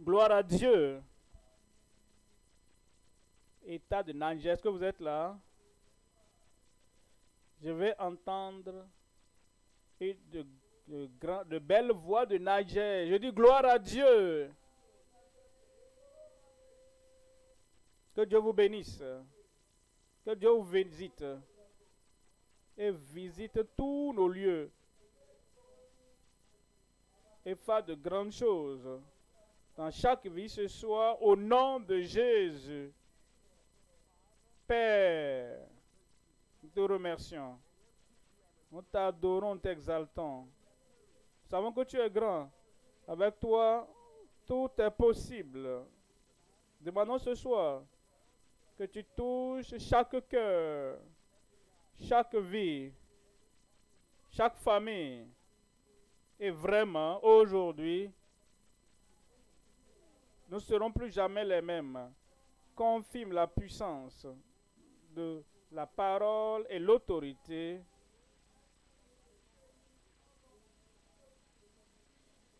Gloire à Dieu. État de Niger, est-ce que vous êtes là? Je vais entendre et de, de, de belles voix de Niger. Je dis gloire à Dieu. Que Dieu vous bénisse. Que Dieu vous visite. Et visite tous nos lieux. Et fasse de grandes choses dans chaque vie ce soir au nom de Jésus. Père, nous te remercions. Nous t'adorons, t'exaltons. Nous savons que tu es grand. Avec toi, tout est possible. Demandons ce soir que tu touches chaque cœur, chaque vie, chaque famille. Et vraiment, aujourd'hui, nous ne serons plus jamais les mêmes. Confirme la puissance de la parole et l'autorité.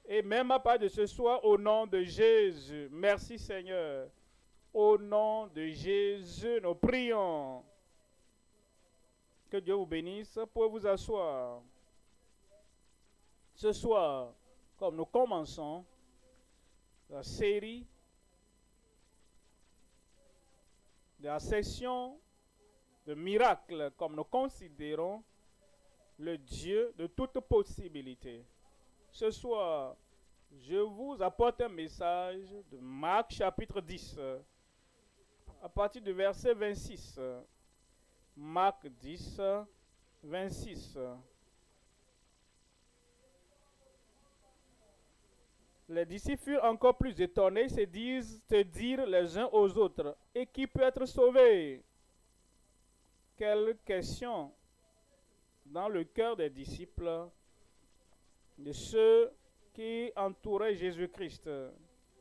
Et même à part de ce soir, au nom de Jésus, merci Seigneur. Au nom de Jésus, nous prions. Que Dieu vous bénisse. pour vous asseoir. Ce soir, comme nous commençons, la série de la session de miracles, comme nous considérons le Dieu de toute possibilité. Ce soir, je vous apporte un message de Marc chapitre 10, à partir du verset 26. Marc 10, 26. Les disciples furent encore plus étonnés, se, disent, se dire les uns aux autres, et qui peut être sauvé Quelle question dans le cœur des disciples, de ceux qui entouraient Jésus-Christ.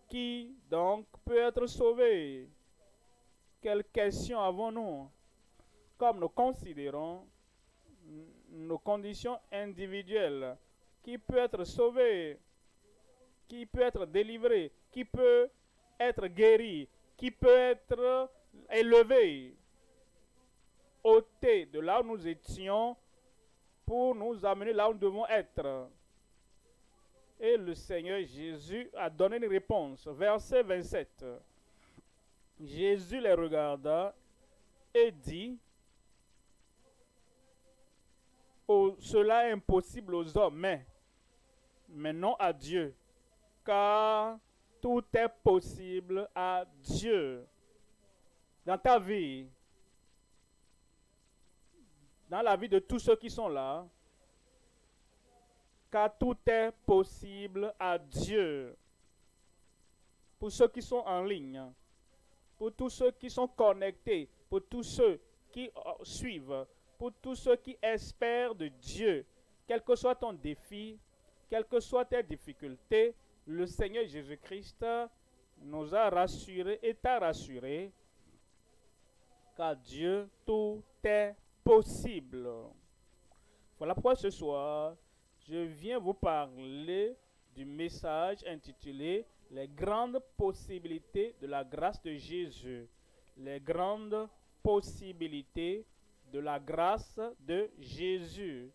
Qui donc peut être sauvé Quelle question avons-nous Comme nous considérons nos conditions individuelles, qui peut être sauvé qui peut être délivré, qui peut être guéri, qui peut être élevé, ôté de là où nous étions pour nous amener là où nous devons être. Et le Seigneur Jésus a donné une réponse. Verset 27. Jésus les regarda et dit, oh, Cela est impossible aux hommes, mais non à Dieu car tout est possible à Dieu. Dans ta vie, dans la vie de tous ceux qui sont là, car tout est possible à Dieu. Pour ceux qui sont en ligne, pour tous ceux qui sont connectés, pour tous ceux qui euh, suivent, pour tous ceux qui espèrent de Dieu, quel que soit ton défi, quelles que soient tes difficultés, le Seigneur Jésus-Christ nous a rassurés et t'a rassuré car Dieu, tout est possible. Voilà pourquoi ce soir, je viens vous parler du message intitulé Les grandes possibilités de la grâce de Jésus. Les grandes possibilités de la grâce de Jésus.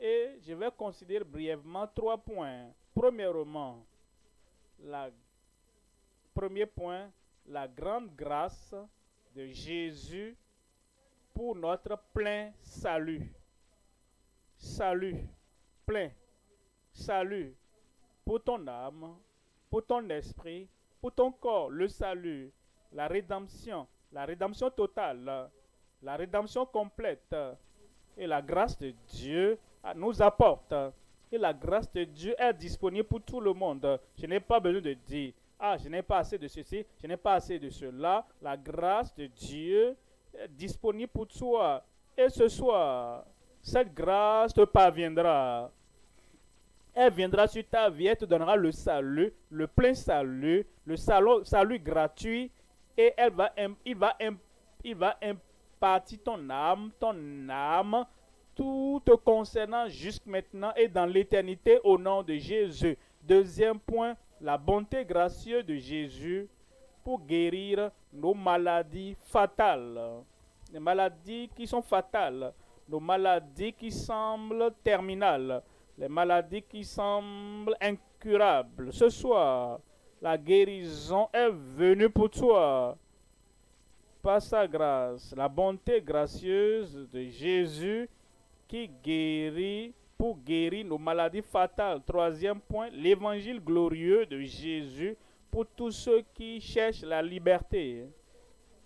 Et je vais considérer brièvement trois points. Premièrement, premier point, la grande grâce de Jésus pour notre plein salut. Salut, plein, salut pour ton âme, pour ton esprit, pour ton corps, le salut, la rédemption, la rédemption totale, la rédemption complète et la grâce de Dieu nous apporte et la grâce de Dieu est disponible pour tout le monde. Je n'ai pas besoin de dire, ah, je n'ai pas assez de ceci, je n'ai pas assez de cela. La grâce de Dieu est disponible pour toi. Et ce soir, cette grâce te parviendra. Elle viendra sur ta vie, elle te donnera le salut, le plein salut, le salut, salut gratuit. Et elle va, il va, il va impartir ton âme, ton âme tout te concernant jusque maintenant et dans l'éternité au nom de Jésus. Deuxième point, la bonté gracieuse de Jésus pour guérir nos maladies fatales. Les maladies qui sont fatales, nos maladies qui semblent terminales, les maladies qui semblent incurables. Ce soir, la guérison est venue pour toi. Par sa grâce, la bonté gracieuse de Jésus qui guérit pour guérir nos maladies fatales. Troisième point, l'évangile glorieux de Jésus pour tous ceux qui cherchent la liberté.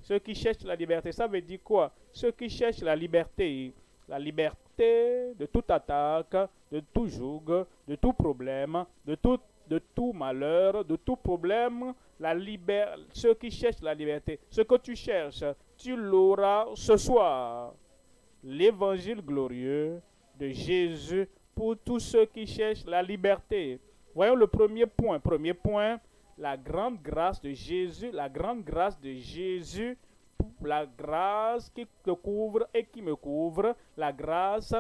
Ceux qui cherchent la liberté, ça veut dire quoi Ceux qui cherchent la liberté. La liberté de toute attaque, de tout joug, de tout problème, de tout, malheur, de tout problème. La Ceux qui cherchent la liberté. Ce que tu cherches, tu l'auras ce soir l'évangile glorieux de Jésus pour tous ceux qui cherchent la liberté. Voyons le premier point. Premier point, la grande grâce de Jésus, la grande grâce de Jésus, la grâce qui te couvre et qui me couvre, la grâce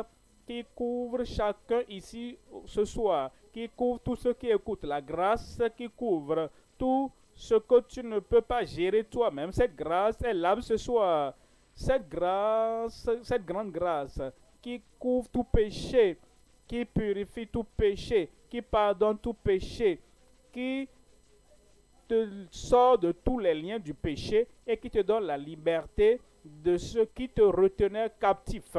qui couvre chacun ici ce soir, qui couvre tous ceux qui écoutent, la grâce qui couvre tout ce que tu ne peux pas gérer toi-même. Cette grâce est là ce soir. Cette grâce, cette grande grâce qui couvre tout péché, qui purifie tout péché, qui pardonne tout péché, qui te sort de tous les liens du péché et qui te donne la liberté de ceux qui te retenaient captif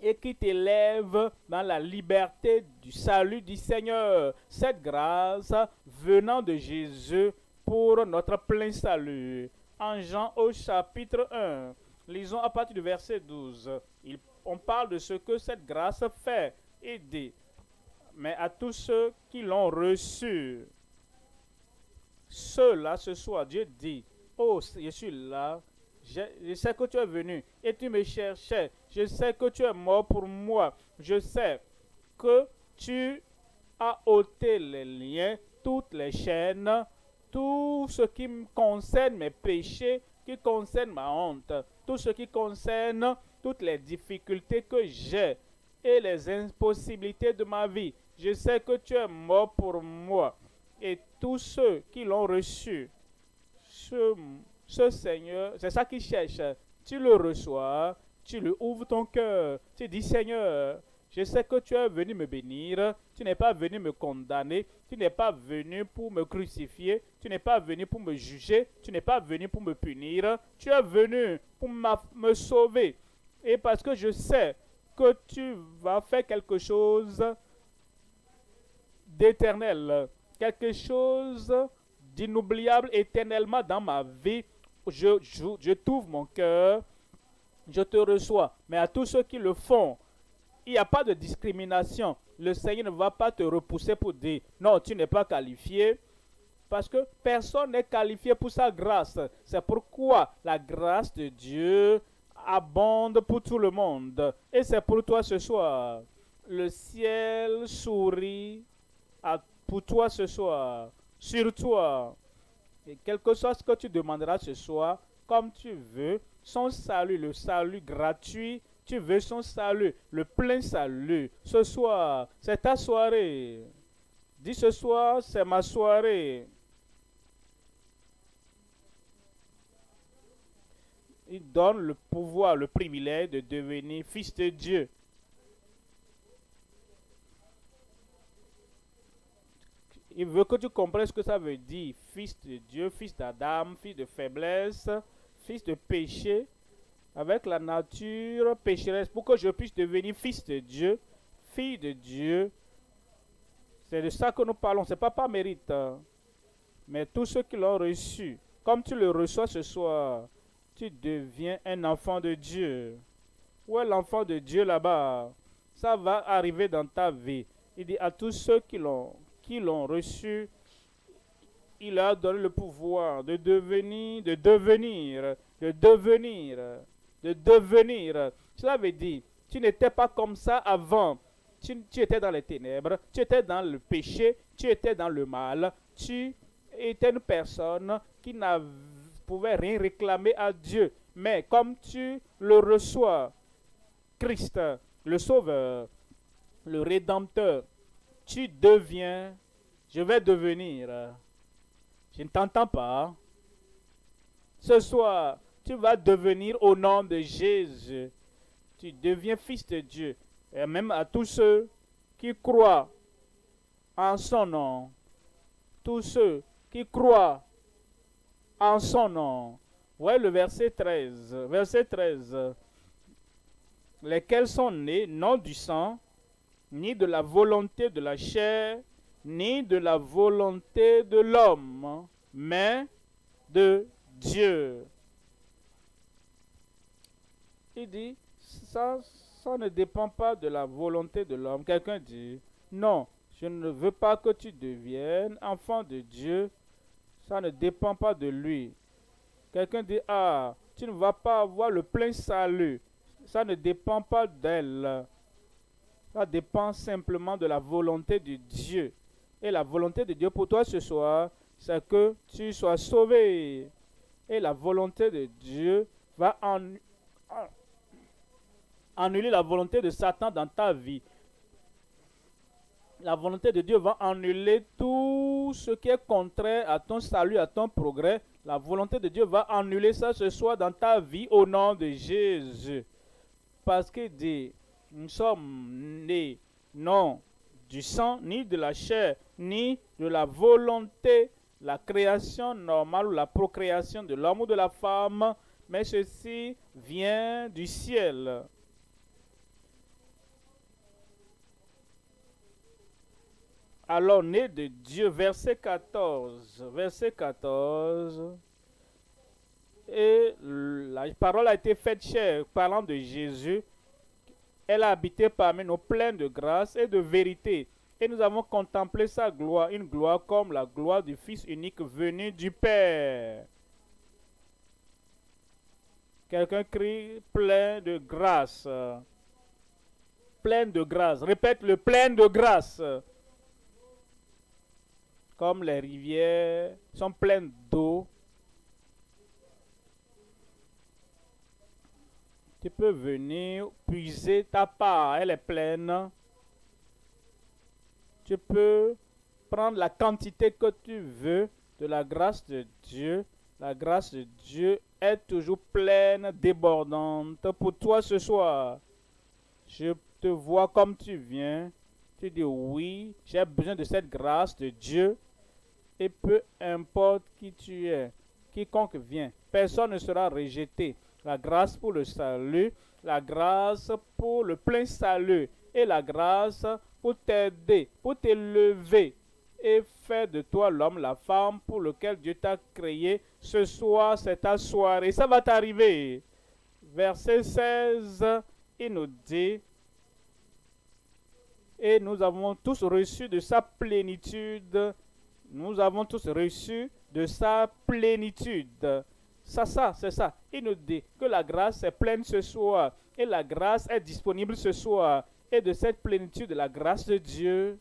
et qui t'élève dans la liberté du salut du Seigneur. Cette grâce venant de Jésus pour notre plein salut. En Jean au chapitre 1, Lisons à partir du verset 12. Il, on parle de ce que cette grâce fait, et dit. mais à tous ceux qui l'ont reçu. Ceux-là, ce soir, Dieu dit, oh, je suis là, je, sais que tu es venu et tu me cherchais, je sais que tu es mort pour moi, je sais que tu as ôté les liens, toutes les chaînes, tout ce qui concerne mes péchés, qui concerne ma honte, tout ce qui concerne toutes les difficultés que j'ai et les impossibilités de ma vie. Je sais que tu es mort pour moi. Et tous ceux qui l'ont reçu, ce, Seigneur, c'est ça qu'il cherche. Tu le reçois, tu lui ouvres ton cœur, tu dis Seigneur, je sais que tu es venu me bénir, tu n'es pas venu me condamner, tu n'es pas venu pour me crucifier, tu n'es pas venu pour me juger, tu n'es pas venu pour me punir, tu es venu pour me sauver. Et parce que je sais que tu vas faire quelque chose d'éternel, quelque chose d'inoubliable éternellement dans ma vie, je, je, je t'ouvre mon cœur, je te reçois. Mais à tous ceux qui le font, il n'y a pas de discrimination. Le Seigneur ne va pas te repousser pour dire non, tu n'es pas qualifié. Parce que personne n'est qualifié pour sa grâce. C'est pourquoi la grâce de Dieu abonde pour tout le monde. Et c'est pour toi ce soir. Le ciel sourit à, pour toi ce soir, sur toi. Et quel que soit ce que tu demanderas ce soir, comme tu veux, son salut, le salut gratuit tu veux son salut, le plein salut. Ce soir, c'est ta soirée. Dis ce soir, c'est ma soirée. Il donne le pouvoir, le privilège de devenir fils de Dieu. Il veut que tu comprennes ce que ça veut dire. Fils de Dieu, fils d'Adam, fils de faiblesse, fils de péché avec la nature pécheresse pour que je puisse devenir fils de Dieu, fille de Dieu. C'est de ça que nous parlons. Ce n'est pas par mérite. Hein, mais tous ceux qui l'ont reçu, comme tu le reçois ce soir, tu deviens un enfant de Dieu. Où est l'enfant de Dieu là-bas Ça va arriver dans ta vie. Il dit à tous ceux qui l'ont, qui l'ont reçu, il a donné le pouvoir de devenir, de devenir, de devenir de devenir. Cela veut dire, tu n'étais pas comme ça avant. Tu, étais dans les ténèbres, tu étais dans le péché, tu étais dans le mal, tu étais une personne qui ne pouvait rien réclamer à Dieu. Mais comme tu le reçois, Christ, le Sauveur, le Rédempteur, tu deviens, je vais devenir, je ne t'entends pas. Ce soir, tu vas devenir au nom de Jésus. Tu deviens fils de Dieu. Et même à tous ceux qui croient en son nom. Tous ceux qui croient en son nom. Voyez le verset 13. Verset 13. Lesquels sont nés non du sang, ni de la volonté de la chair, ni de la volonté de l'homme, mais de Dieu. Il dit, ça, ne dépend pas de la volonté de l'homme. Quelqu'un dit, non, je ne veux pas que tu deviennes enfant de Dieu. Ça ne dépend pas de lui. Quelqu'un dit, ah, tu ne vas pas avoir le plein salut. Ça ne dépend pas d'elle. Ça dépend simplement de la volonté de Dieu. Et la volonté de Dieu pour toi ce soir, c'est que tu sois sauvé. Et la volonté de Dieu va en annuler la volonté de Satan dans ta vie. La volonté de Dieu va annuler tout ce qui est contraire à ton salut, à ton progrès. La volonté de Dieu va annuler ça ce soit dans ta vie au nom de Jésus. Parce que dit, nous sommes nés non du sang, ni de la chair, ni de la volonté, la création normale ou la procréation de l'homme ou de la femme, mais ceci vient du ciel. alors né de Dieu. Verset 14. Verset 14. Et la parole a été faite chère, parlant de Jésus. Elle a habité parmi nous, pleine de grâce et de vérité. Et nous avons contemplé sa gloire, une gloire comme la gloire du Fils unique venu du Père. Quelqu'un crie plein de grâce. Pleine de grâce. Répète le plein de grâce comme les rivières sont pleines d'eau, tu peux venir puiser ta part, elle est pleine. Tu peux prendre la quantité que tu veux de la grâce de Dieu. La grâce de Dieu est toujours pleine, débordante pour toi ce soir. Je te vois comme tu viens. Tu dis oui, j'ai besoin de cette grâce de Dieu et peu importe qui tu es, quiconque vient, personne ne sera rejeté. La grâce pour le salut, la grâce pour le plein salut et la grâce pour t'aider, pour t'élever et faire de toi l'homme, la femme pour lequel Dieu t'a créé. Ce soir, c'est soirée. Ça va t'arriver. Verset 16, il nous dit, et nous avons tous reçu de sa plénitude nous avons tous reçu de sa plénitude. Ça, ça, c'est ça. Il nous dit que la grâce est pleine ce soir et la grâce est disponible ce soir. Et de cette plénitude la grâce de Dieu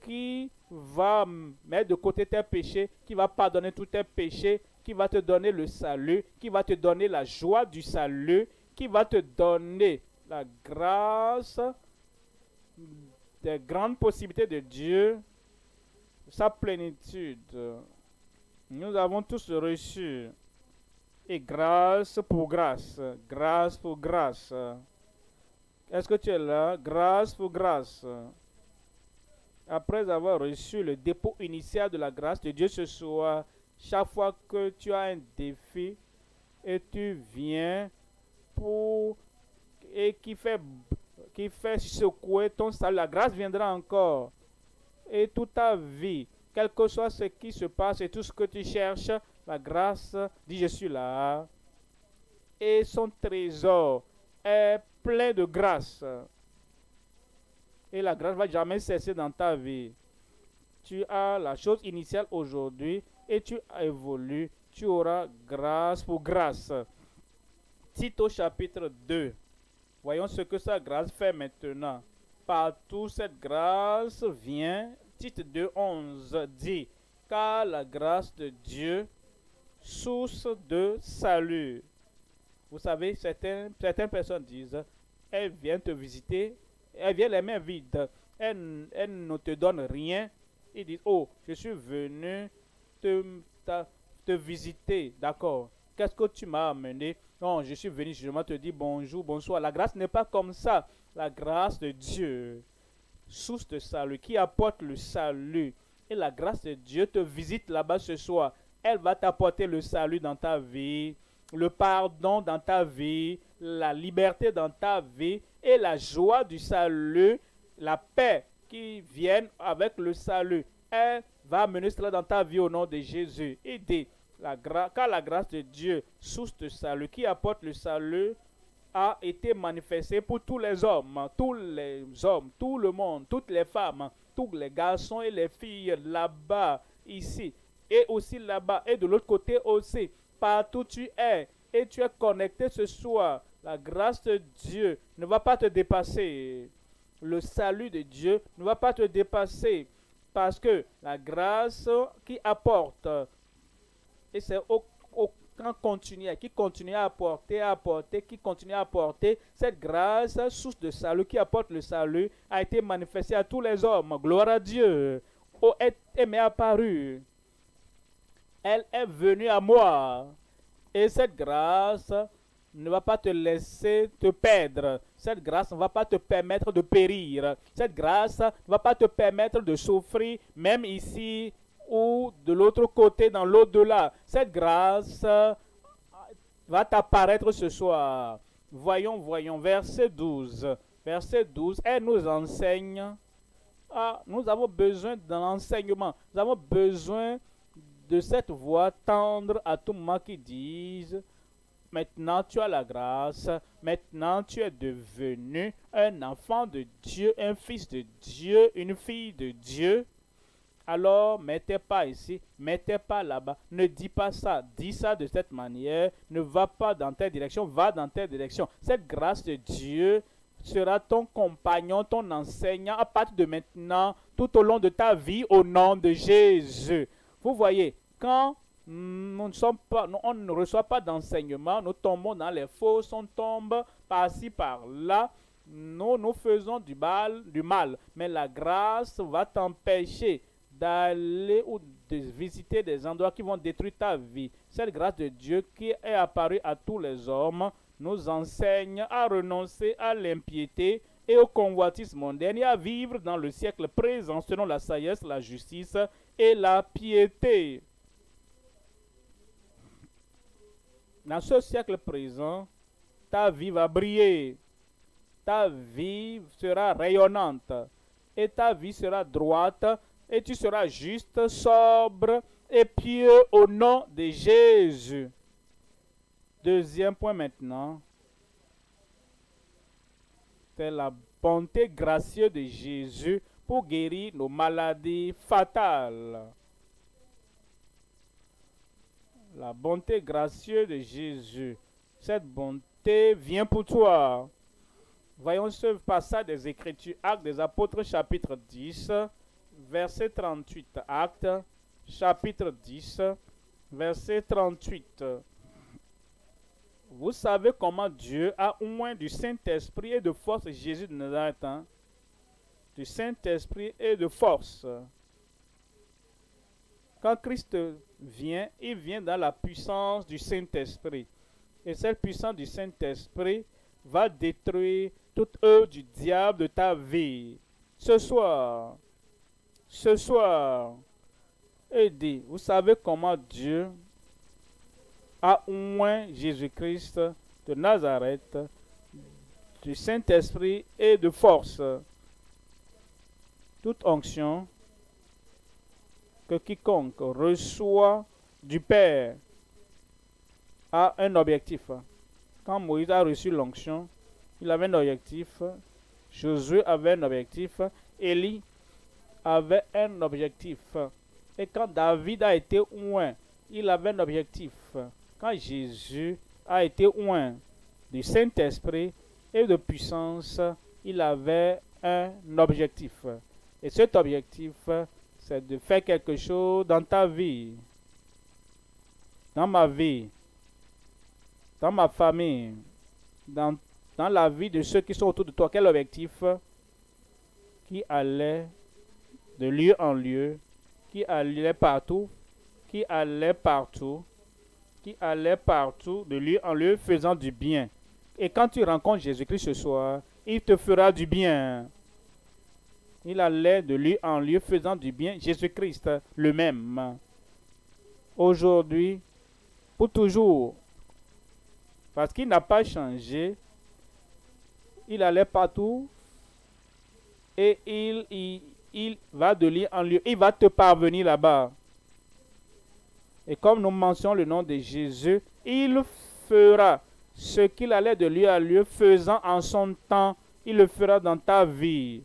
qui va mettre de côté tes péchés, qui va pardonner tous tes péchés, qui va te donner le salut, qui va te donner la joie du salut, qui va te donner la grâce des grandes possibilités de Dieu sa plénitude, nous avons tous reçu, et grâce pour grâce, grâce pour grâce. Est-ce que tu es là? Grâce pour grâce. Après avoir reçu le dépôt initial de la grâce de Dieu ce soir, chaque fois que tu as un défi et tu viens pour et qui fait qui fait secouer ton salut, la grâce viendra encore et toute ta vie, quel que soit ce qui se passe et tout ce que tu cherches, la grâce dit je suis là. Et son trésor est plein de grâce. Et la grâce ne va jamais cesser dans ta vie. Tu as la chose initiale aujourd'hui et tu évolues. Tu auras grâce pour grâce. Tito chapitre 2. Voyons ce que sa grâce fait maintenant partout cette grâce vient. titre 2, 11 dit, car la grâce de Dieu, source de salut. Vous savez, certaines, certaines personnes disent, elle vient te visiter, elle vient les mains vides, elle, ne te donne rien. Ils disent, oh, je suis venu te, te, visiter, d'accord. Qu'est-ce que tu m'as amené Non, je suis venu je te dire bonjour, bonsoir. La grâce n'est pas comme ça la grâce de Dieu, sous de salut, qui apporte le salut. Et la grâce de Dieu te visite là-bas ce soir. Elle va t'apporter le salut dans ta vie, le pardon dans ta vie, la liberté dans ta vie et la joie du salut, la paix qui vient avec le salut. Elle va mener cela dans ta vie au nom de Jésus. Et dit, la car la grâce de Dieu, sous ce salut, qui apporte le salut, a été manifesté pour tous les hommes, tous les hommes, tout le monde, toutes les femmes, tous les garçons et les filles là-bas, ici, et aussi là-bas, et de l'autre côté aussi, partout tu es, et tu es connecté ce soir. La grâce de Dieu ne va pas te dépasser. Le salut de Dieu ne va pas te dépasser. Parce que la grâce qui apporte, et c'est au qui continue à apporter, à apporter, qui continue à apporter cette grâce, source de salut, qui apporte le salut, a été manifestée à tous les hommes. Gloire à Dieu. Oh, est elle m'est apparue. Elle est venue à moi. Et cette grâce ne va pas te laisser te perdre. Cette grâce ne va pas te permettre de périr. Cette grâce ne va pas te permettre de souffrir, même ici, ou de l'autre côté, dans l'au-delà. Cette grâce euh, va t'apparaître ce soir. Voyons, voyons, verset 12. Verset 12, elle nous enseigne. Ah, nous avons besoin d'un enseignement. Nous avons besoin de cette voix tendre à tout moment qui disent. Maintenant tu as la grâce, maintenant tu es devenu un enfant de Dieu, un fils de Dieu, une fille de Dieu alors mettez pas ici, mettez pas là-bas. Ne dis pas ça, dis ça de cette manière. Ne va pas dans telle direction, va dans telle direction. Cette grâce de Dieu sera ton compagnon, ton enseignant à partir de maintenant, tout au long de ta vie, au nom de Jésus. Vous voyez, quand nous ne sommes pas, on ne reçoit pas d'enseignement, nous tombons dans les fausses, on tombe par-ci, par-là, nous, nous faisons du mal, du mal. Mais la grâce va t'empêcher d'aller ou de visiter des endroits qui vont détruire ta vie. Celle grâce de Dieu qui est apparue à tous les hommes nous enseigne à renoncer à l'impiété et au convoitisme mondaine et à vivre dans le siècle présent selon la sagesse, la justice et la piété. Dans ce siècle présent, ta vie va briller, ta vie sera rayonnante et ta vie sera droite et tu seras juste, sobre et pieux au nom de Jésus. Deuxième point maintenant, c'est la bonté gracieuse de Jésus pour guérir nos maladies fatales. La bonté gracieuse de Jésus, cette bonté vient pour toi. Voyons ce passage des Écritures, Actes des Apôtres, chapitre 10, verset 38. acte, chapitre 10, verset 38. Vous savez comment Dieu a au moins du Saint-Esprit et de force Jésus de Nazareth. Hein? Du Saint-Esprit et de force. Quand Christ vient, il vient dans la puissance du Saint-Esprit. Et cette puissance du Saint-Esprit va détruire toute œuvre du diable de ta vie. Ce soir, ce soir et dit, vous savez comment Dieu a moins Jésus-Christ de Nazareth, du Saint-Esprit et de force. Toute onction que quiconque reçoit du Père a un objectif. Quand Moïse a reçu l'onction, il avait un objectif. Josué avait un objectif. Élie avait un objectif. Et quand David a été oint, il avait un objectif. Quand Jésus a été loin du Saint-Esprit et de puissance, il avait un objectif. Et cet objectif, c'est de faire quelque chose dans ta vie, dans ma vie, dans ma famille, dans, dans la vie de ceux qui sont autour de toi. Quel objectif qui allait de lieu en lieu, qui allait partout, qui allait partout, qui allait partout, de lieu en lieu, faisant du bien. Et quand tu rencontres Jésus-Christ ce soir, il te fera du bien. Il allait de lieu en lieu, faisant du bien. Jésus-Christ, le même. Aujourd'hui, pour toujours, parce qu'il n'a pas changé, il allait partout et il, il il va de lieu en lieu. Il va te parvenir là-bas. Et comme nous mentionnons le nom de Jésus, il fera ce qu'il allait de lieu à lieu, faisant en son temps, il le fera dans ta vie.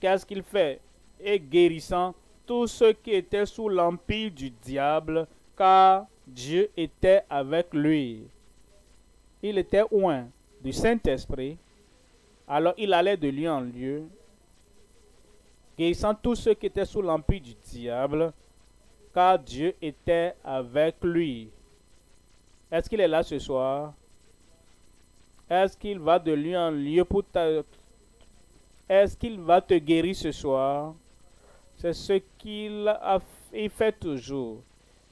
Qu'est-ce qu'il fait Et guérissant tous ceux qui étaient sous l'empire du diable, car Dieu était avec lui. Il était loin du Saint-Esprit, alors il allait de lieu en lieu guérissant tous ceux qui étaient sous l'empire du diable, car Dieu était avec lui. Est-ce qu'il est là ce soir? Est-ce qu'il va de lui en lieu pour ta... Est-ce qu'il va te guérir ce soir? C'est ce qu'il a fait toujours.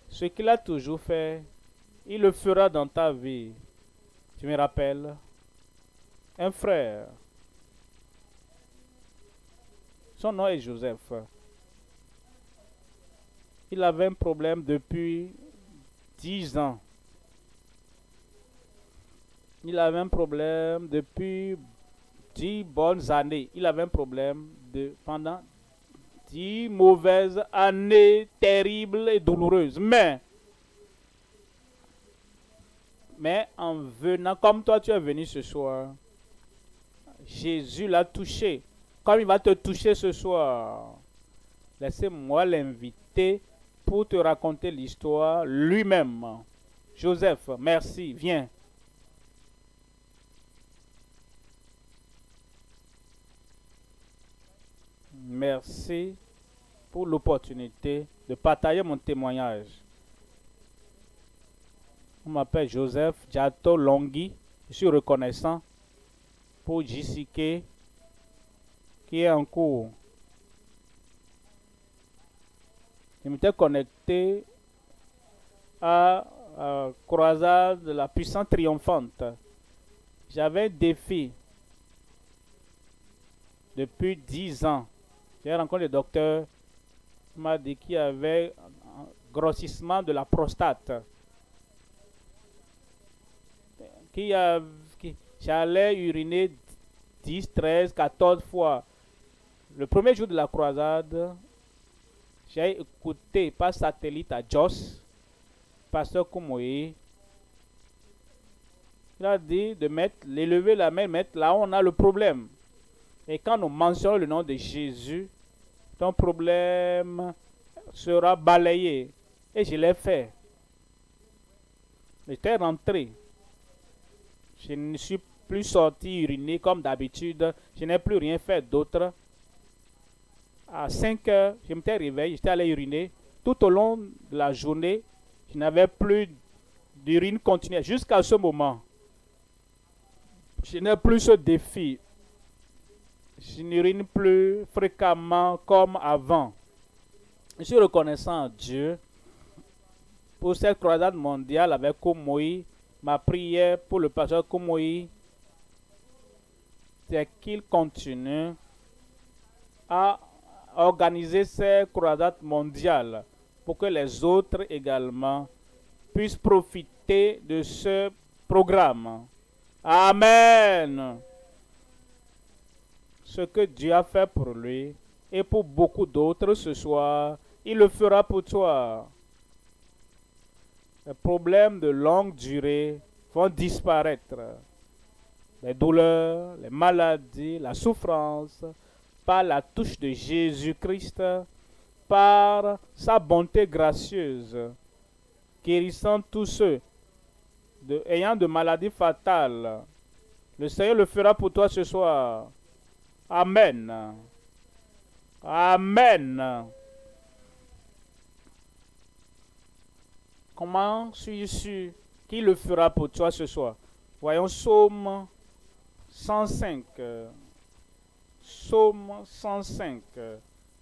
Ce qu'il a toujours fait, il le fera dans ta vie. Tu me rappelles? Un frère son nom est Joseph. Il avait un problème depuis 10 ans. Il avait un problème depuis 10 bonnes années. Il avait un problème de, pendant 10 mauvaises années terribles et douloureuses. Mais, mais en venant, comme toi tu es venu ce soir, Jésus l'a touché. Comme il va te toucher ce soir, laissez-moi l'inviter pour te raconter l'histoire lui-même. Joseph, merci, viens. Merci pour l'opportunité de partager mon témoignage. On m'appelle Joseph Jato Longhi. Je suis reconnaissant pour JCK qui est en cours. Je m'étais connecté à, euh, Croisade de la puissance triomphante. J'avais un défi depuis dix ans. J'ai rencontré le docteur m'a dit qu'il y avait un grossissement de la prostate. Qui, qui J'allais uriner 10, 13, 14 fois. Le premier jour de la croisade, j'ai écouté par satellite à Joss, pasteur Koumoï. Il a dit de mettre, l'élever la main, mettre là où on a le problème. Et quand nous mentionnons le nom de Jésus, ton problème sera balayé. Et je l'ai fait. J'étais rentré. Je ne suis plus sorti uriner comme d'habitude. Je n'ai plus rien fait d'autre à 5 heures, je me suis réveillé, j'étais allé uriner. Tout au long de la journée, je n'avais plus d'urine continuelle jusqu'à ce moment. Je n'ai plus ce défi. Je n'urine plus fréquemment comme avant. Je suis reconnaissant à Dieu pour cette croisade mondiale avec Komoï. Ma prière pour le pasteur Komoï, c'est qu'il continue à organiser ces croisades mondiales pour que les autres également puissent profiter de ce programme. Amen. Ce que Dieu a fait pour lui et pour beaucoup d'autres ce soir, il le fera pour toi. Les problèmes de longue durée vont disparaître. Les douleurs, les maladies, la souffrance, par la touche de Jésus-Christ, par sa bonté gracieuse, guérissant tous ceux ayant de maladies fatales. Le Seigneur le fera pour toi ce soir. Amen. Amen. Comment suis-je sûr qu'il le fera pour toi ce soir Voyons Psaume 105. Psaume 105,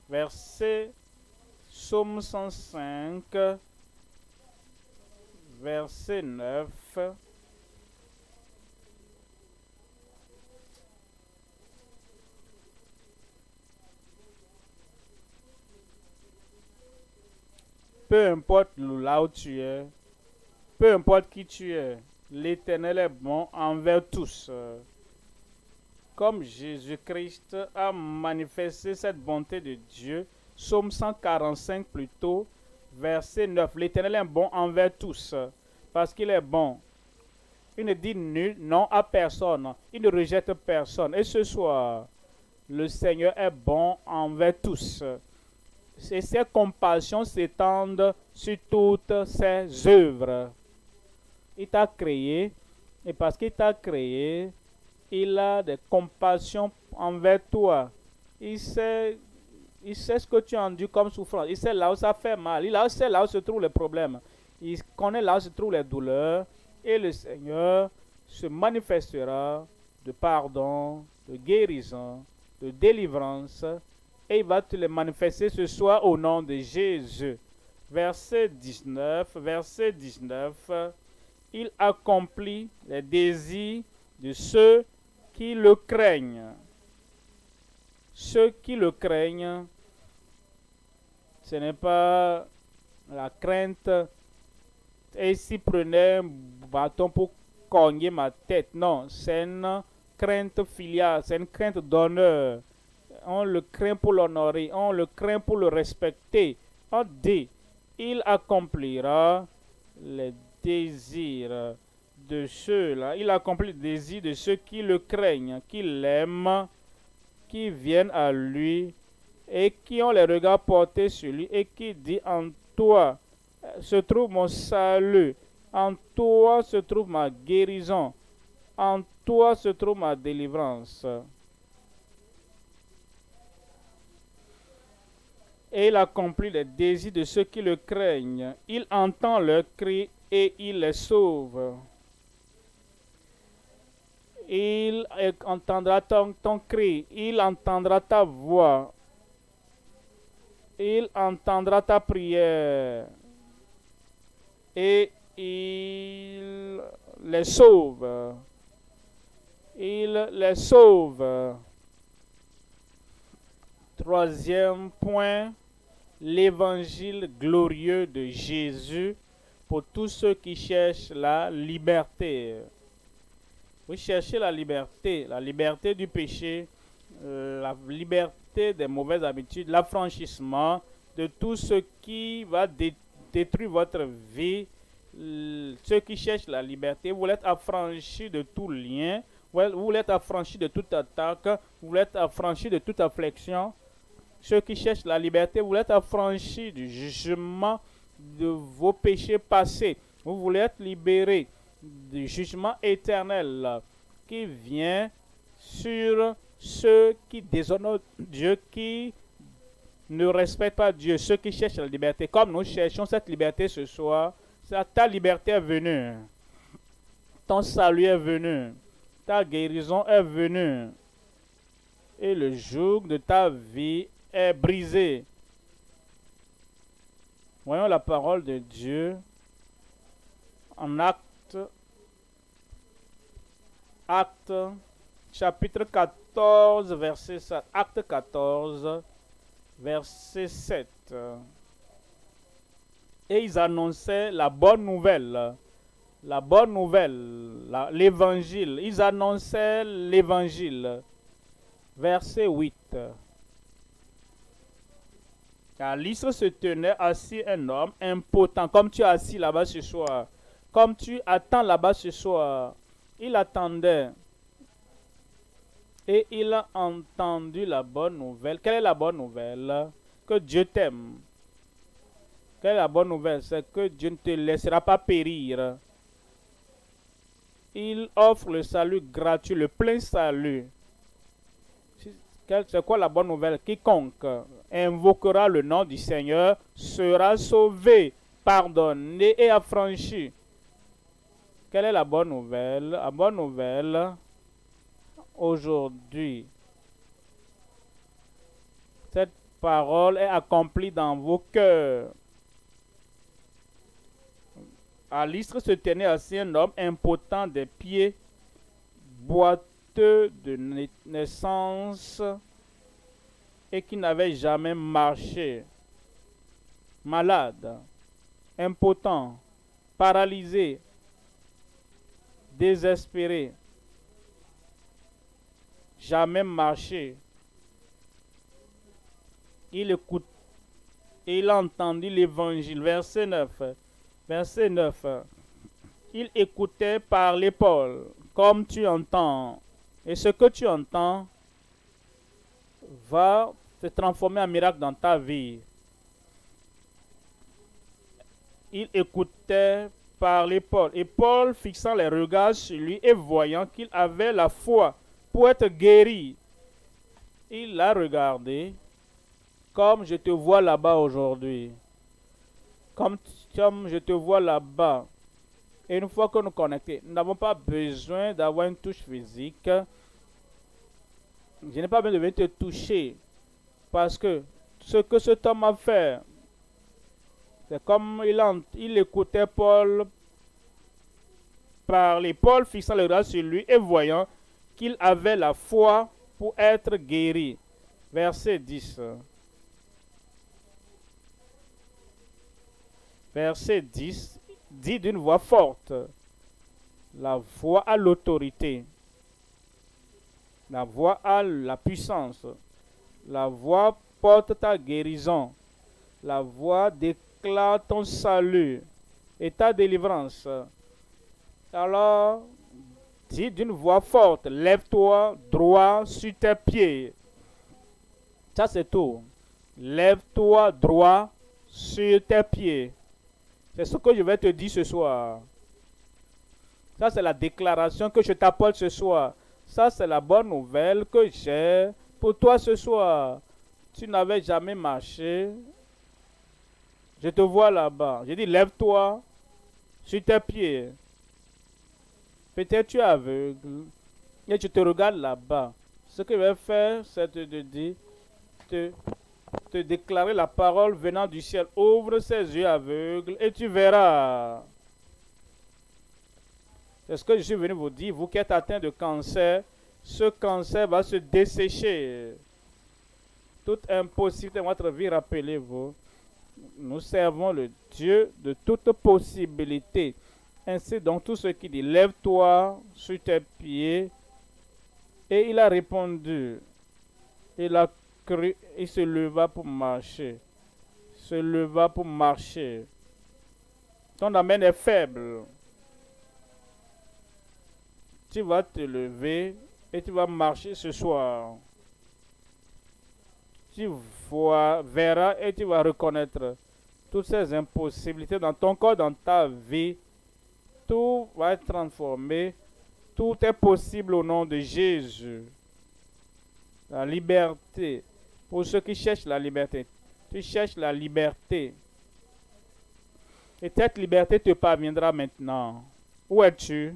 verset, psaume 105, verset 9. Peu importe là où tu es, peu importe qui tu es, l'Éternel est bon envers tous comme Jésus-Christ a manifesté cette bonté de Dieu. Psaume 145 plutôt, verset 9. L'Éternel est bon envers tous, parce qu'il est bon. Il ne dit nul, non à personne. Il ne rejette personne. Et ce soir, le Seigneur est bon envers tous. Et ses compassion s'étendent sur toutes ses œuvres. Il t'a créé, et parce qu'il t'a créé, il a de compassion envers toi. Il sait, il sait ce que tu as enduit comme souffrance. Il sait là où ça fait mal. Il sait là où se trouvent les problèmes. Il connaît là où se trouvent les douleurs. Et le Seigneur se manifestera de pardon, de guérison, de délivrance. Et il va te le manifester ce soir au nom de Jésus. Verset 19, verset 19. Il accomplit les désirs de ceux qui le craignent. Ceux qui le craignent, ce n'est pas la crainte. Et si prenait un bâton pour cogner ma tête, non, c'est une crainte filiale, c'est une crainte d'honneur. On le craint pour l'honorer, on le craint pour le respecter. On dit, il accomplira les désirs de ceux-là, il accomplit le désir de ceux qui le craignent, qui l'aiment, qui viennent à lui et qui ont les regards portés sur lui et qui dit en toi se trouve mon salut, en toi se trouve ma guérison, en toi se trouve ma délivrance. et il accomplit les désirs de ceux qui le craignent. Il entend leurs cri et il les sauve. Il entendra ton, cri, il entendra ta voix, il entendra ta prière et il les sauve. Il les sauve. Troisième point, l'évangile glorieux de Jésus pour tous ceux qui cherchent la liberté cherchez la liberté, la liberté du péché, euh, la liberté des mauvaises habitudes, l'affranchissement de tout ce qui va détruire votre vie. ceux qui cherchent la liberté, vous voulez être affranchis de tout lien, vous voulez être affranchis de toute attaque, vous voulez être affranchis de toute affliction. Ceux qui cherchent la liberté, vous voulez être affranchis du jugement de vos péchés passés. Vous voulez être libérés du jugement éternel qui vient sur ceux qui déshonorent Dieu, qui ne respectent pas Dieu, ceux qui cherchent la liberté. Comme nous cherchons cette liberté ce soir, ta liberté est venue. Ton salut est venu. Ta guérison est venue. Et le jour de ta vie est brisé. Voyons la parole de Dieu en acte Acte, chapitre 14, verset 7. Acte 14, verset 7. Et ils annonçaient la bonne nouvelle, la bonne nouvelle, l'évangile. Ils annonçaient l'évangile. Verset 8. Car l'israël se tenait assis un homme impotent, comme tu es assis là-bas ce soir comme tu attends là-bas ce soir. Il attendait et il a entendu la bonne nouvelle. Quelle est la bonne nouvelle Que Dieu t'aime. Quelle est la bonne nouvelle C'est que Dieu ne te laissera pas périr. Il offre le salut gratuit, le plein salut. C'est quoi la bonne nouvelle Quiconque invoquera le nom du Seigneur sera sauvé, pardonné et affranchi. Quelle est la bonne nouvelle La bonne nouvelle aujourd'hui, cette parole est accomplie dans vos cœurs. À l'istre se tenait assis un homme impotent des pieds, boiteux de naissance et qui n'avait jamais marché. Malade, impotent, paralysé, désespéré, jamais marché. Il écoute et il entendit l'évangile. Verset 9. Verset 9. Il écoutait par l'épaule, comme tu entends. Et ce que tu entends va se transformer en miracle dans ta vie. Il écoutait Paul. Et Paul, fixant les regards sur lui et voyant qu'il avait la foi pour être guéri, il l'a regardé comme je te vois là-bas aujourd'hui. Comme, comme je te vois là-bas. Et une fois que nous connectons, nous n'avons pas besoin d'avoir une touche physique. Je n'ai pas besoin de venir te toucher. Parce que ce que cet homme a fait, c'est comme il, écoutait Paul parler. Paul fixant le regard sur lui et voyant qu'il avait la foi pour être guéri. Verset 10. Verset 10 dit d'une voix forte, la voix a l'autorité, la voix a la puissance, la voix porte ta guérison, la voix déclare ton salut et ta délivrance. Alors, dis d'une voix forte, lève-toi droit sur tes pieds. Ça, c'est tout. Lève-toi droit sur tes pieds. C'est ce que je vais te dire ce soir. Ça, c'est la déclaration que je t'apporte ce soir. Ça, c'est la bonne nouvelle que j'ai pour toi ce soir. Tu n'avais jamais marché je te vois là-bas. Je dis, lève-toi sur tes pieds. Peut-être tu es aveugle et tu te regardes là-bas. Ce que je vais faire, c'est te dire, te, te déclarer la parole venant du ciel. Ouvre ses yeux aveugles et tu verras. C'est ce que je suis venu vous dire. Vous qui êtes atteint de cancer, ce cancer va se dessécher. Toute impossibilité dans votre vie, rappelez-vous nous servons le Dieu de toute possibilité. Ainsi donc tout ce qui dit, lève-toi sur tes pieds. Et il a répondu, il a cru, il se leva pour marcher, se leva pour marcher. Ton amène est faible. Tu vas te lever et tu vas marcher ce soir tu vois, verras et tu vas reconnaître toutes ces impossibilités dans ton corps, dans ta vie. Tout va être transformé. Tout est possible au nom de Jésus. La liberté. Pour ceux qui cherchent la liberté. Tu cherches la liberté. Et cette liberté te parviendra maintenant. Où es-tu?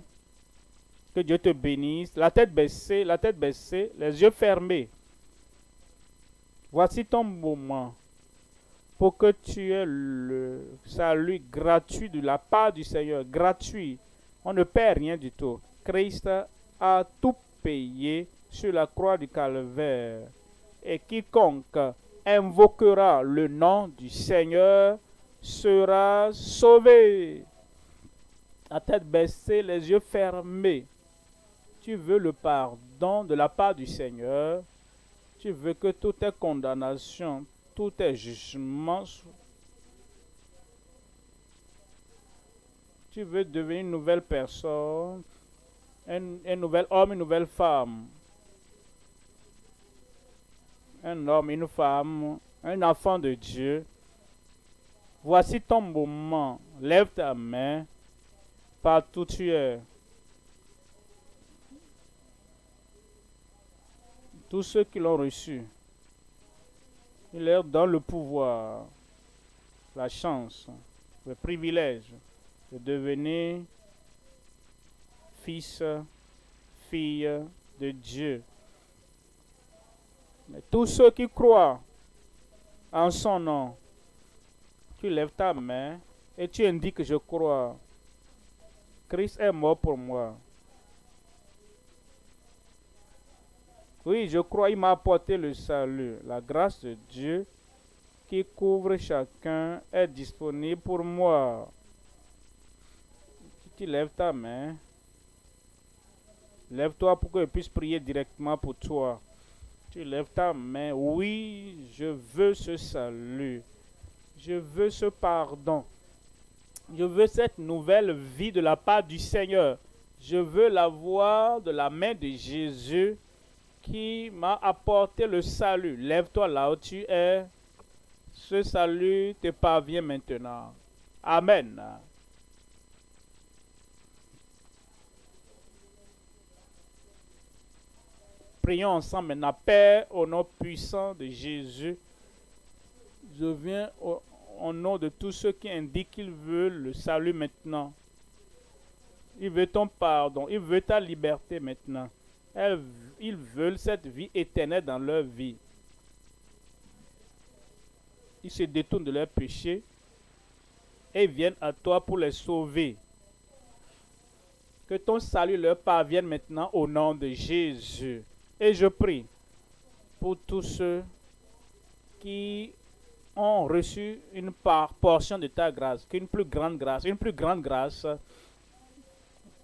Que Dieu te bénisse. La tête baissée, la tête baissée, les yeux fermés. Voici ton moment pour que tu aies le salut gratuit de la part du Seigneur, gratuit. On ne perd rien du tout. Christ a tout payé sur la croix du calvaire. Et quiconque invoquera le nom du Seigneur sera sauvé. La tête baissée, les yeux fermés. Tu veux le pardon de la part du Seigneur, tu veux que toutes tes condamnations, tous tes jugements, tu veux devenir une nouvelle personne, un, un nouvel homme, une nouvelle femme. Un homme, une femme, un enfant de Dieu. Voici ton moment. Lève ta main partout tu es. tous ceux qui l'ont reçu. Il leur donne le pouvoir, la chance, le privilège de devenir fils, fille de Dieu. Mais tous ceux qui croient en son nom, tu lèves ta main et tu indiques que je crois. Christ est mort pour moi. Oui, je crois, il m'a apporté le salut. La grâce de Dieu qui couvre chacun est disponible pour moi. tu lèves ta main, lève-toi pour que je puisse prier directement pour toi. Tu lèves ta main. Oui, je veux ce salut. Je veux ce pardon. Je veux cette nouvelle vie de la part du Seigneur. Je veux la voix de la main de Jésus qui m'a apporté le salut. Lève-toi là où tu es. Ce salut te parvient maintenant. Amen. Prions ensemble maintenant. Père, au nom puissant de Jésus, je viens au, nom de tous ceux qui indiquent qu'ils veulent le salut maintenant. Il veut ton pardon, il veut ta liberté maintenant. Elle ils veulent cette vie éternelle dans leur vie. Ils se détournent de leurs péchés et viennent à toi pour les sauver. Que ton salut leur parvienne maintenant au nom de Jésus. Et je prie pour tous ceux qui ont reçu une portion de ta grâce, qu'une plus grande grâce, une plus grande grâce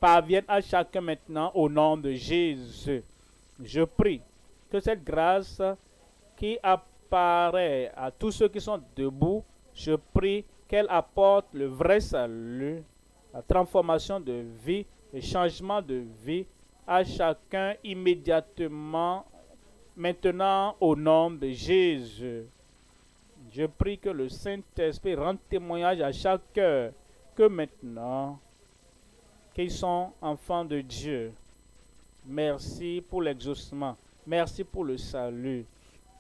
parvienne à chacun maintenant au nom de Jésus. Je prie que cette grâce qui apparaît à tous ceux qui sont debout, je prie qu'elle apporte le vrai salut, la transformation de vie, le changement de vie à chacun immédiatement, maintenant au nom de Jésus. Je prie que le Saint-Esprit rende témoignage à chaque cœur que maintenant, qu'ils sont enfants de Dieu. Merci pour l'exhaustion Merci pour le salut.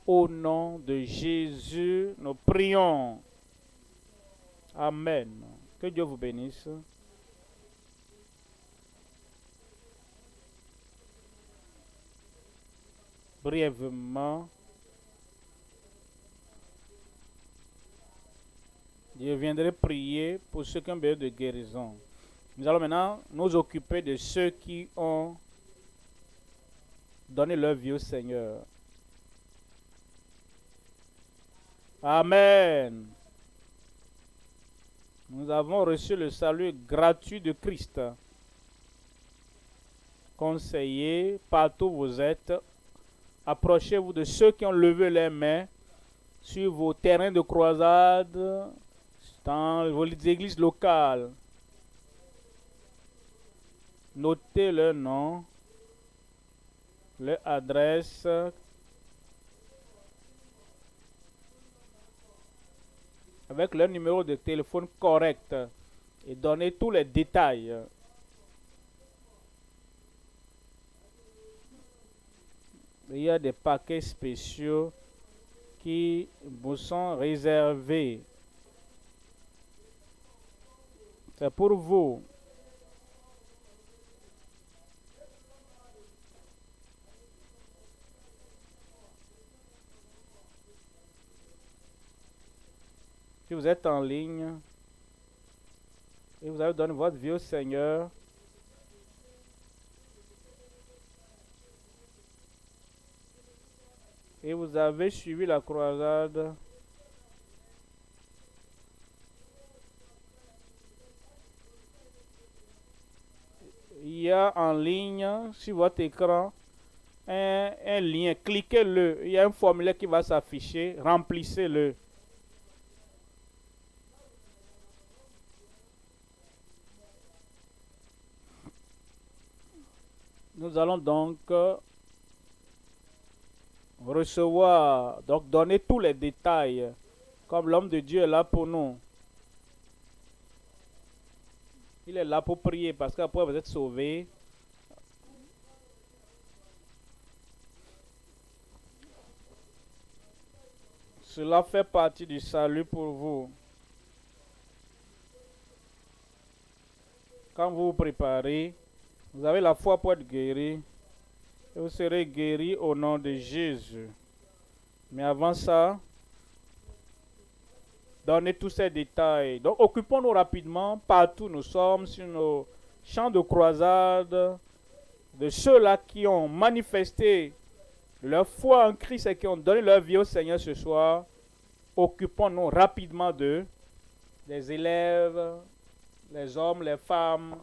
Au nom de Jésus, nous prions. Amen. Que Dieu vous bénisse. Brièvement, je viendrai prier pour ceux qui ont besoin de guérison. Nous allons maintenant nous occuper de ceux qui ont Donnez leur vie au Seigneur. Amen. Nous avons reçu le salut gratuit de Christ. Conseillez partout où vous êtes. Approchez-vous de ceux qui ont levé les mains sur vos terrains de croisade, dans vos églises locales. Notez leur nom l'adresse avec le numéro de téléphone correct et donner tous les détails. Il y a des paquets spéciaux qui vous sont réservés. C'est pour vous. vous êtes en ligne et vous avez donné votre vie au Seigneur. Et vous avez suivi la croisade. Il y a en ligne sur votre écran un lien. Cliquez-le. Il y a un formulaire qui va s'afficher. Remplissez-le. Nous allons donc euh, recevoir, donc donner tous les détails, comme l'homme de Dieu est là pour nous. Il est là pour prier parce qu'après vous êtes sauvés. Cela fait partie du salut pour vous. Quand vous vous préparez, vous avez la foi pour être guéri. Et vous serez guéri au nom de Jésus. Mais avant ça, donnez tous ces détails. Donc occupons-nous rapidement, partout nous sommes, sur nos champs de croisade, de ceux-là qui ont manifesté leur foi en Christ et qui ont donné leur vie au Seigneur ce soir. Occupons-nous rapidement d'eux, les élèves, les hommes, les femmes,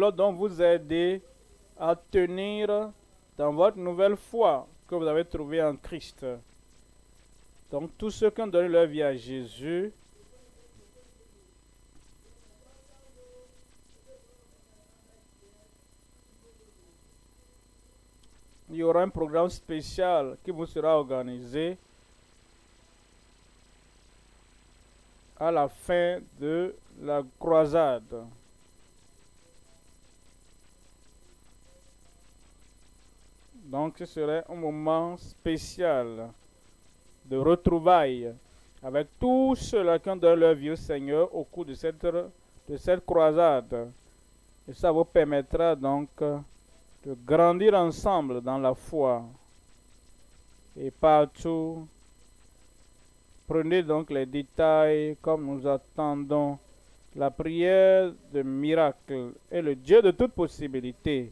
dont donc vous aider à tenir dans votre nouvelle foi que vous avez trouvée en Christ. Donc tous ceux qui ont donné leur vie à Jésus, il y aura un programme spécial qui vous sera organisé à la fin de la croisade. Donc ce serait un moment spécial de retrouvailles avec tous ceux qui ont donné leur vie au Seigneur au cours de cette, de cette croisade. Et ça vous permettra donc de grandir ensemble dans la foi. Et partout, prenez donc les détails comme nous attendons la prière de miracle et le Dieu de toute possibilité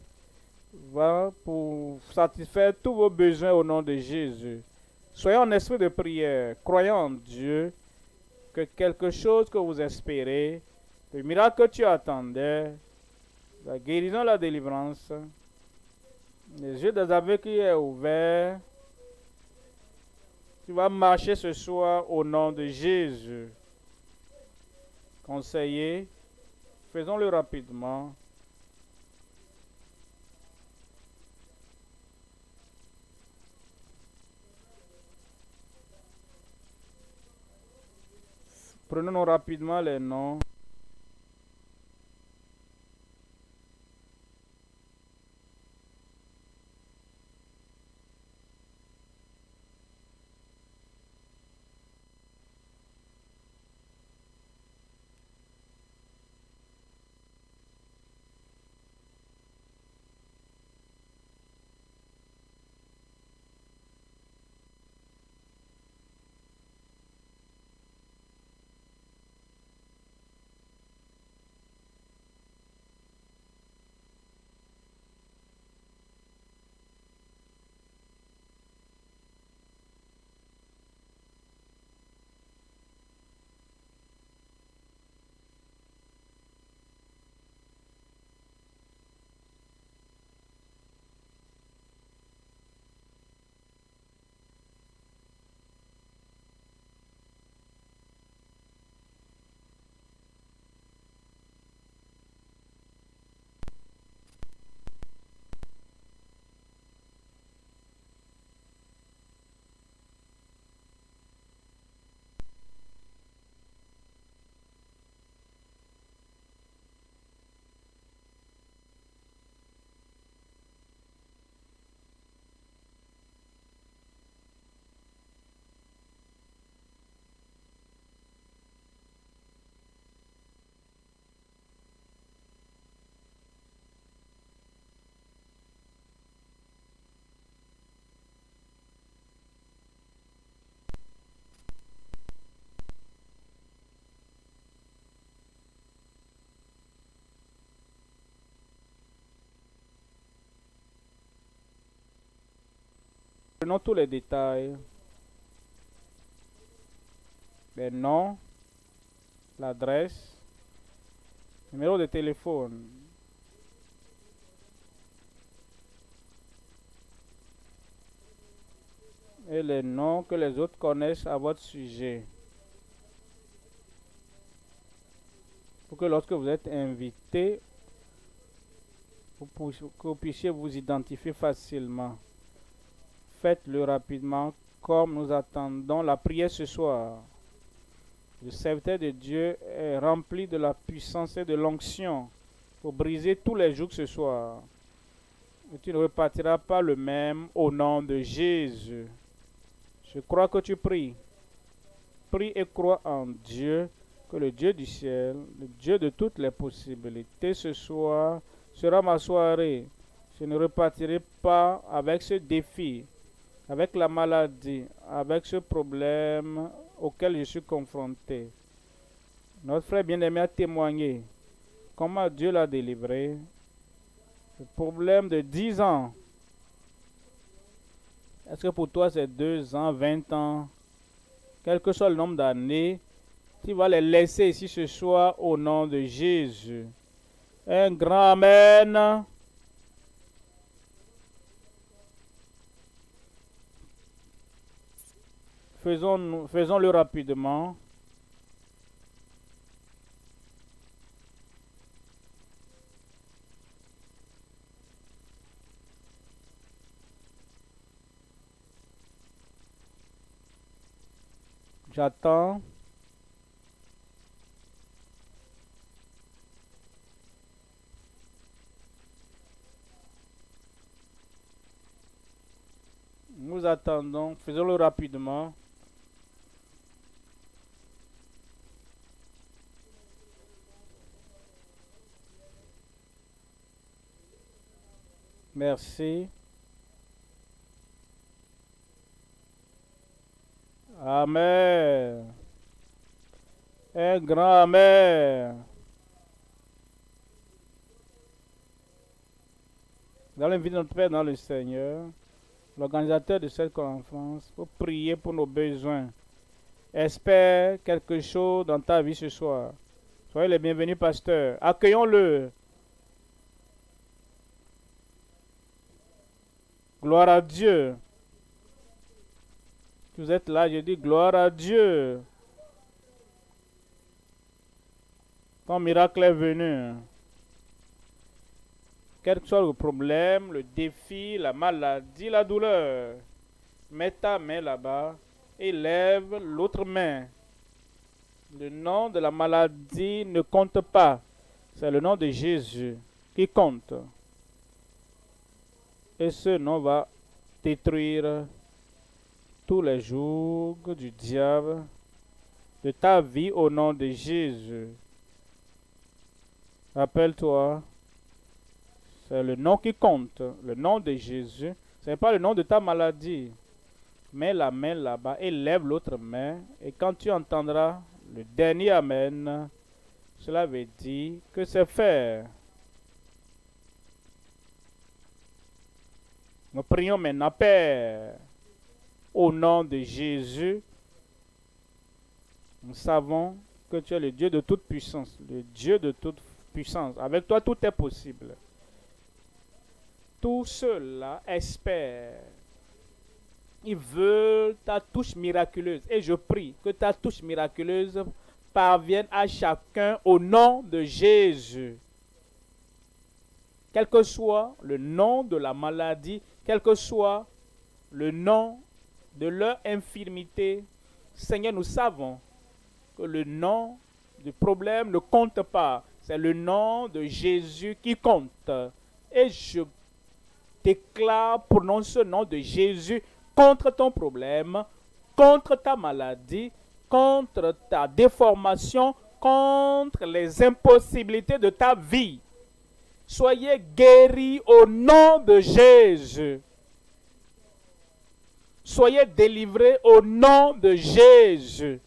va pour satisfaire tous vos besoins au nom de Jésus. soyons en esprit de prière, croyant en Dieu que quelque chose que vous espérez, le miracle que tu attendais, la guérison, la délivrance, les yeux des aveugles qui est ouvert, tu vas marcher ce soir au nom de Jésus. Conseiller, faisons-le rapidement. Prenons rapidement les noms tous les détails. Les noms, l'adresse, numéro de téléphone. Et les noms que les autres connaissent à votre sujet. Pour que lorsque vous êtes invité, vous, que vous puissiez vous identifier facilement faites-le rapidement comme nous attendons la prière ce soir. Le serviteur de Dieu est rempli de la puissance et de l'onction pour briser tous les jours ce soir. tu ne repartiras pas le même au nom de Jésus. Je crois que tu pries. Prie et crois en Dieu, que le Dieu du ciel, le Dieu de toutes les possibilités ce soir sera ma soirée. Je ne repartirai pas avec ce défi avec la maladie, avec ce problème auquel je suis confronté. Notre frère bien-aimé a témoigné comment Dieu l'a délivré. Le problème de 10 ans. Est-ce que pour toi c'est 2 ans, 20 ans, quel que soit le nombre d'années, tu vas les laisser ici ce soir au nom de Jésus. Un grand Amen. faisons-le rapidement. J'attends. Nous attendons, faisons-le rapidement. Merci. Amen. Un grand Amen. dans vie de notre Père dans le Seigneur, l'organisateur de cette conférence, pour prier pour nos besoins. Espère quelque chose dans ta vie ce soir. Soyez les bienvenus, pasteur. Accueillons-le Gloire à Dieu. Vous êtes là, je dis gloire à Dieu. Ton miracle est venu. Quel que soit le problème, le défi, la maladie, la douleur, mets ta main là-bas et lève l'autre main. Le nom de la maladie ne compte pas. C'est le nom de Jésus qui compte. Et ce nom va détruire tous les jours du diable de ta vie au nom de Jésus. Rappelle-toi, c'est le nom qui compte, le nom de Jésus. Ce n'est pas le nom de ta maladie. Mets la main là-bas et lève l'autre main. Et quand tu entendras le dernier Amen, cela veut dire que c'est fait. Nous prions maintenant, Père, au nom de Jésus. Nous savons que tu es le Dieu de toute puissance, le Dieu de toute puissance. Avec toi, tout est possible. Tout cela, espère. espèrent. Ils veulent ta touche miraculeuse. Et je prie que ta touche miraculeuse parvienne à chacun au nom de Jésus. Quel que soit le nom de la maladie, quel que soit le nom de leur infirmité, Seigneur, nous savons que le nom du problème ne compte pas. C'est le nom de Jésus qui compte. Et je déclare, prononce ce nom de Jésus contre ton problème, contre ta maladie, contre ta déformation, contre les impossibilités de ta vie soyez guéris au nom de Jésus. Soyez délivrés au nom de Jésus.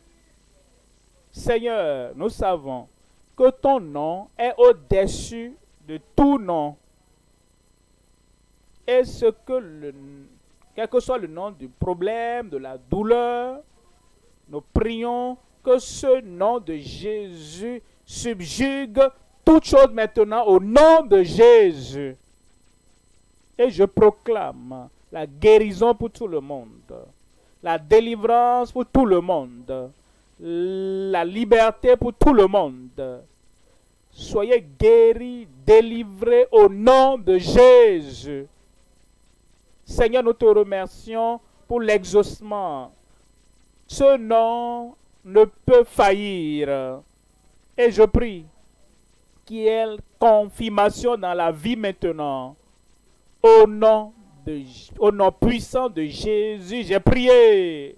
Seigneur, nous savons que ton nom est au-dessus de tout nom. Et ce que le, quel que soit le nom du problème, de la douleur, nous prions que ce nom de Jésus subjugue toutes choses maintenant au nom de Jésus. Et je proclame la guérison pour tout le monde, la délivrance pour tout le monde, la liberté pour tout le monde. Soyez guéris, délivrés au nom de Jésus. Seigneur, nous te remercions pour l'exaucement. Ce nom ne peut faillir. Et je prie confirmation dans la vie maintenant. Au nom, de, au nom puissant de Jésus, j'ai prié.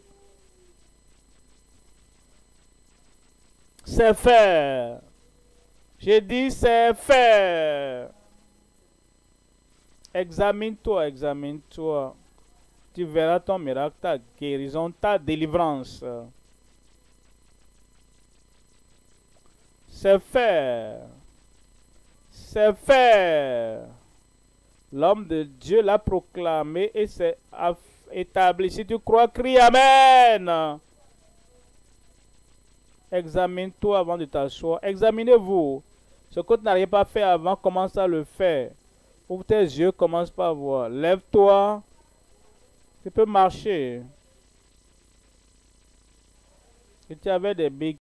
C'est fait. J'ai dit, c'est fait. Examine-toi, examine-toi. Tu verras ton miracle, ta guérison, ta délivrance. C'est fait. C'est faire. L'homme de Dieu l'a proclamé et s'est établi. Si tu crois, crie Amen. Examine-toi avant de t'asseoir. Examinez-vous. Ce que tu n'arrives pas fait avant, commence à le faire. Ouvre tes yeux, commence par voir. Lève-toi. Tu peux marcher. et tu avais des big